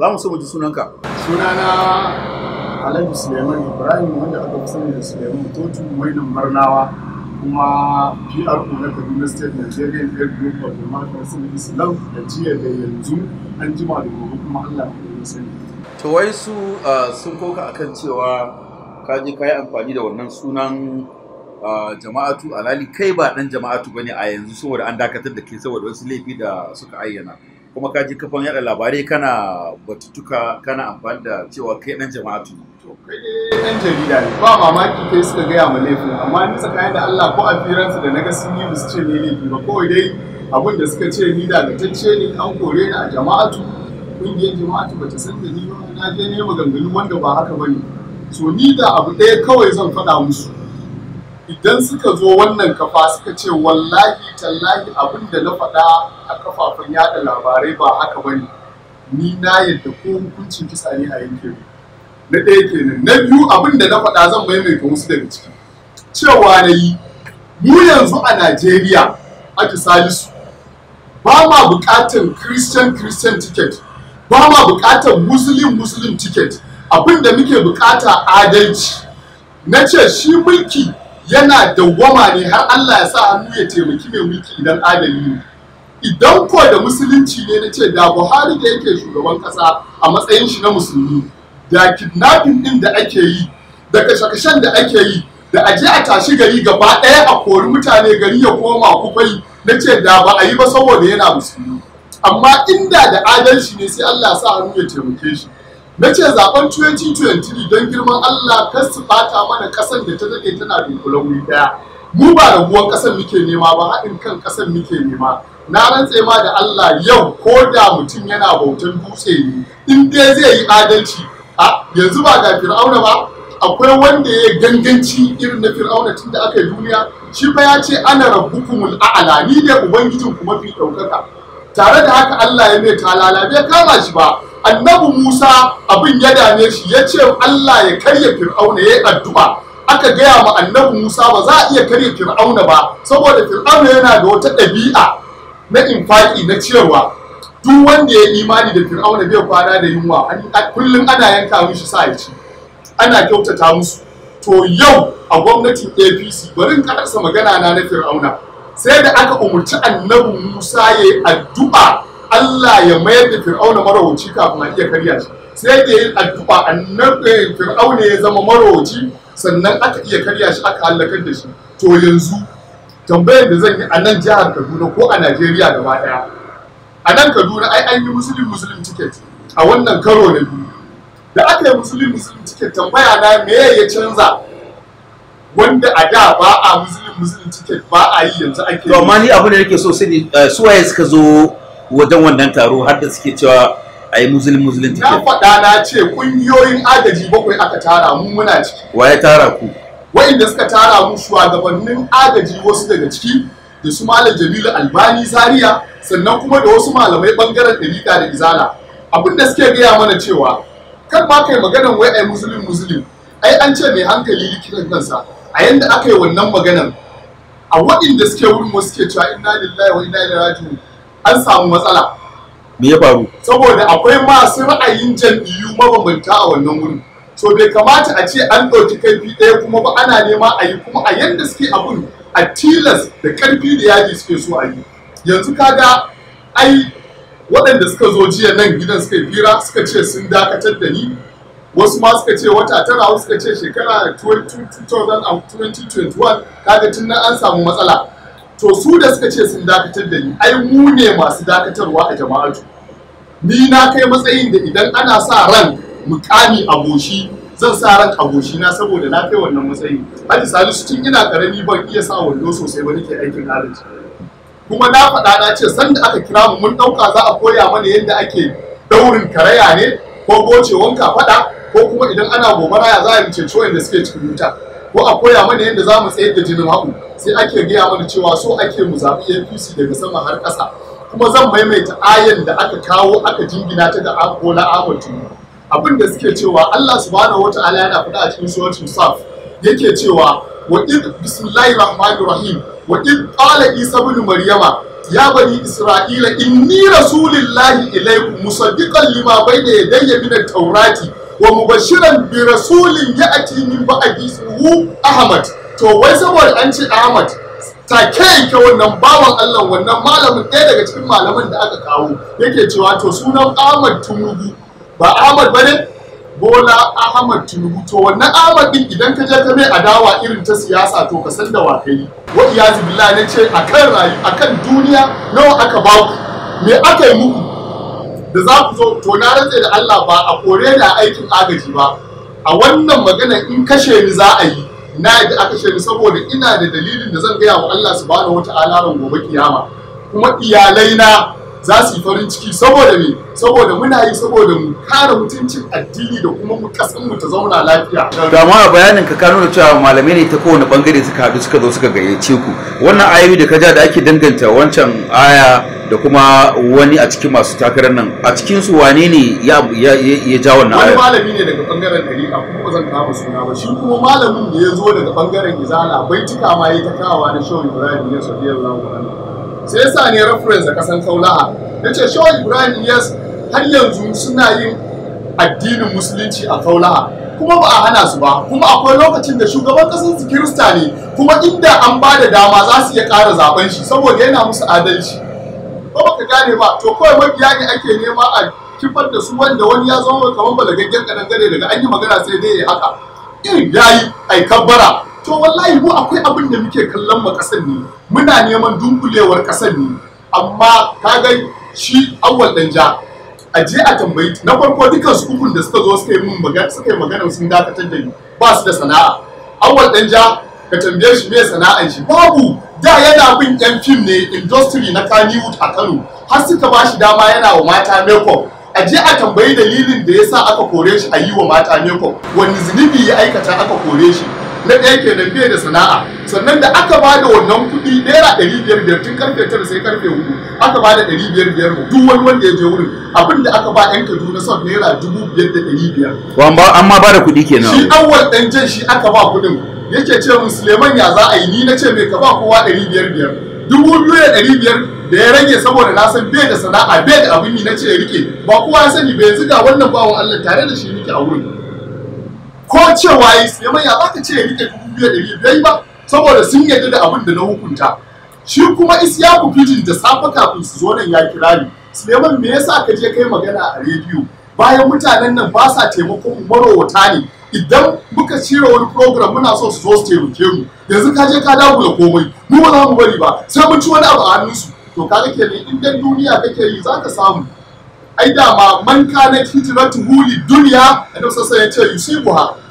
Za mu so mu ji sunanka. Sunana Alhaji Suleiman Ibrahim wanda aka fi sani da Suleiman Totu Mainin Barnawa kuma PRO na Kaduna State Nigerian Air Group of American Civil Islam da jiya da yanzu an jima da gobe kuma Allah ya sani. To wai su sun koka akan cewa ka je ka yi amfani da wannan sunan jama'atu alali kai ba dan jama'atu bane a yanzu saboda an dakatar da ke saboda wasu laifi da suka ayyana. kuma ka kafan yada labarai kana batutuka kana amfani da cewa kai dan jama'atu ne to kai dan jarida ne ba mamaki kai suka gaya ma laifin amma ni tsakanin da Allah ko afiransu da na ga sun yi musu ce ne laifi ba kawai dai abin da suka ce ni da gatacce ne an kore ni a jama'atu kungiyar jama'atu ba ta san da ni ba na je ne maganganu wanda ba haka bane to ni da abu ɗaya kawai zan faɗa musu idan suka zo wannan kafa suka ce wallahi tallahi abin da na faɗa a kafafen yada labarai ba haka bane ni na yadda ko hukuncin kisa ne a yanke na ɗaya kenan na biyu abin da na faɗa zan maimaita wasu daga ciki cewa na yi mu yanzu a najeriya aji salisu ba ma bukatar christian christian ticket ba ma bukatar muslim muslim ticket abin da muke bukata adalci na ce shi mulki yana dawwama ne har Allah ya sa hannu ya taimaki mai mulki idan adali ne idan ko da musulunci ne na ce da Buhari da yake shugaban kasa a matsayin shi na musulmi da kidnapping din da ake yi da kashe-kashen da ake yi da aje a tashi gari gaba ɗaya a kori mutane gari ya koma kufai na ce da ba a yi ba saboda yana musulmi amma inda da adalci ne sai Allah ya sa hannu ya taimake shi na ce zaben 2023 don girman allah kar su bata mana kasan da ta daɗe tana dunkulan wuri daya mu ba rabuwar kasan muke nema ba haɗin kan kasan muke nema na rantse ma da allah yau ko da mutum yana bautan dutse ne in dai zai yi adalci a yanzu ba ga fir'auna ba akwai wanda ya ganganci irin na fir'auna tun da aka yi duniya shi fa ya ce ana rabbukumul a'ala ni ne ubangijin ku mafi ɗaukaka tare da haka allah ya mai talala bai kama shi ba annabi musa abin ya dame shi ya ce allah ya karya fir'auna ya yi addu'a aka gaya ma annabi musa ba za a iya karya fir'auna ba saboda fir'auna yana da wata ɗabi'a na infaki na cewa duk wanda ya yi imani da fir'auna bai kwana da yunwa kullum ana yanka mishi sa ya ci ana kyautata musu to yau a gwamnatin apc bari in karasa magana na na fir'auna sai da aka umarci annabi musa ya yi addu'a Allah ya mayar da fir'auna marauci kafin a iya karya shi sai da yi addu'a annabin fir'auna ya zama marauci sannan aka iya karya shi aka halakar da shi to yanzu tambayar da zan yi a nan jihar Kaduna ko a Najeriya gaba daya a nan Kaduna ai an yi musulun musulun ticket a wannan karo da biyu da aka yi musulun musulun ticket tambaya na me ya canza wanda a da ba a musulun musulun ticket ba a yi yanzu ake to amma ni abin da nake so sai eh, su waye suka zo wajen wannan taro har da suke cewa a yi musulun musulun na faɗa na ce ƙungiyoyin agaji bakwai aka tara mu muna ciki wa ya tara ku wa'inda suka tara mu shugabannin agaji wasu daga ciki da su malam jamilu albani zaria sannan kuma da wasu malamai bangaren ɗarika da izala abin da suke gaya mana cewa kan ma kai maganan wai ai musulun musulun ai an ce mai hankali likitan kansa a yanda aka yi wannan maganan a waɗanda suke wurin wasu suke cewa inna lillahi wa inna ilaihi raji'un an samu matsala me ya faru saboda akwai masu ra'ayin jam'iyyu mabambanta a wannan wurin so bai kamata a ce an ɗauki kaifi ɗaya kuma ba ana nema a yi kuma a yadda suke abun a tilas da ƙarfi da yaji suke so a yi yanzu kaga ai waɗanda suka zo jiya nan gidan suka fira suka ce sun dakatar da ni wasu ma suka ce wata tara wasu suka ce shekara 2021 kaga tun nan an samu matsala to su da suka ce sun dakatar da ni ai mu ne masu dakatarwa a jama'atu ni na kai matsayin da idan ana sa ran mukami a goshi zan sa ran a goshi na saboda na kai wannan matsayin haji salisu tun ina karami ban iya sa wando sosai ba nake aikin alaji kuma na faɗa na ce sanda aka kira mu mun ɗauka za a koya mana yadda ake daurin karaya ne ko gocewan faɗa!" ko kuma idan ana gobara ya za a yi ceto da suke cikin wuta ko a koya mana yadda za mu tsayar da jinin haɓu sai ake gaya mana cewa so ake mu zaɓi apc daga sama har ƙasa kuma zan maimaita ayan da aka kawo aka jingina ta da bola ahmad abin da suke cewa allah subhanahu wa ta'ala yana faɗa a cikin suratul saf yake cewa wa id bismillahir rahmanir rahim wa id qala isa ibn maryama ya bani isra'ila inni rasulillahi ilaykum musaddiqan lima bayna yadayya min at-taurati wa mubashiran bi rasulin ya'ti min ba'di ismuhu ahmad to wai saboda an ce ahmad ta ke yake wannan bawan Allah wannan malamin ɗaya daga cikin malaman da aka kawo yake cewa to sunan Ahmad Tunubu ba Ahmad bane Bola Ahmad Tinubu to wannan Ahmad din idan ka je ka mai adawa irin ta siyasa to ka san da wa kai wa iyazu billahi nace akan rayu akan duniya nawa aka ba me aka yi muku da za ku zo to na rantse da Allah ba a kore ni a aikin agaji ba a wannan magana in kashe ni za a yi na yi a kashe ni saboda ina da dalilin da zan gaya wa Allah su subhanahu wata ran gobe kiyama kuma iyalai na za su yi farin ciki saboda me saboda muna yi saboda mu kare mutuncin addini da kuma mu kasan mu ta zauna lafiya da ma bayanin ka kano da cewa malamai ne ta kowane bangare suka haɗu suka zo suka gayyace ku wannan ayoyi da ka ja da ake danganta wancan aya da kuma wani a cikin masu takarar nan a cikin su wane ne ya ja wannan ayar wani malami ne daga bangaren dari a kuma zan kama suna ba shi kuma malamin da ya zo daga bangaren izala bai tuka ma ya ta kawa na shawu ibrahim ya sabi yallahu sai sa ne reference da kasan kaula'a yace ce ibrahim ya har yanzu suna yin addinin musulunci a kaula'a kuma ba a hana su ba kuma akwai lokacin da shugaban kasar su kirista ne kuma inda an ba da dama za su iya ƙara zaben shi saboda yana musu adalci ko ka gane ba to kawai mabiya ne ake nema a kifar da su wanda wani ya zama kamar gaggen kanan gare daga an yi magana sai dai ya haka irin yayi ai kabbara to wallahi mu akwai abin da muke kallon mu kasar ne muna neman dunkulewar kasar ne amma ka ga shi awwal dan ja a je a tambayi na farko dukkan su kukun da suka zo suka yi mun magana suka yi magana sun dakatar da ni ba su da sana'a awwal dan ja ka tambaye shi me sana'an shi babu da yana bin yan fim ne industry na Kaniwood a Kano har suka ba shi dama yana wa mata makeup a je a tambayi dalilin da yasa aka kore shi a yi wa mata makeup wani zunubi ya aikata aka kore shi na ɗaya kenan bai da sana'a sannan da aka ba da wannan kuɗi naira ɗari biyar biyar tun karfe tara sai karfe hudu aka ba da ɗari biyar biyar duk wani wanda ya je wurin abin da aka ba ɗan kaduna son naira dubu biyar da ɗari biyar. Amma ba da kuɗi kenan. shi awal ɗan jan shi aka ba kuɗin yake ce musulman ya za a yi ni na ce mai ka ba kowa ɗari biyar biyar dubu biyu da ɗari biyar da ya rage saboda na san bai da sana'a bai da abin yi na ce rike ba kowa ya sani bai ziga wannan bawan Allah tare da shi rike a wurin ko cewa yi Suleman ya zaka ce ya rike dubu biyu da ɗari biyar ba saboda sun yarda da abin da na hukunta shi kuma Isyaku Fijin da safe kafin su zo nan ya kira ni Suleman me yasa ka je kai magana a rediyo bayan mutanen nan ba sa taimakon marowata ne idan muka cire wani program muna so su zo su taimake mu yanzu ka je ka dawo dagula komai mu ba za mu bari ba sai mun ci wani abu a hannunsu to ka ke ne in dan duniya kake yi za ka samu ai dama man kana hijratu huli duniya a sallallahu alaihi ya ce yusibuha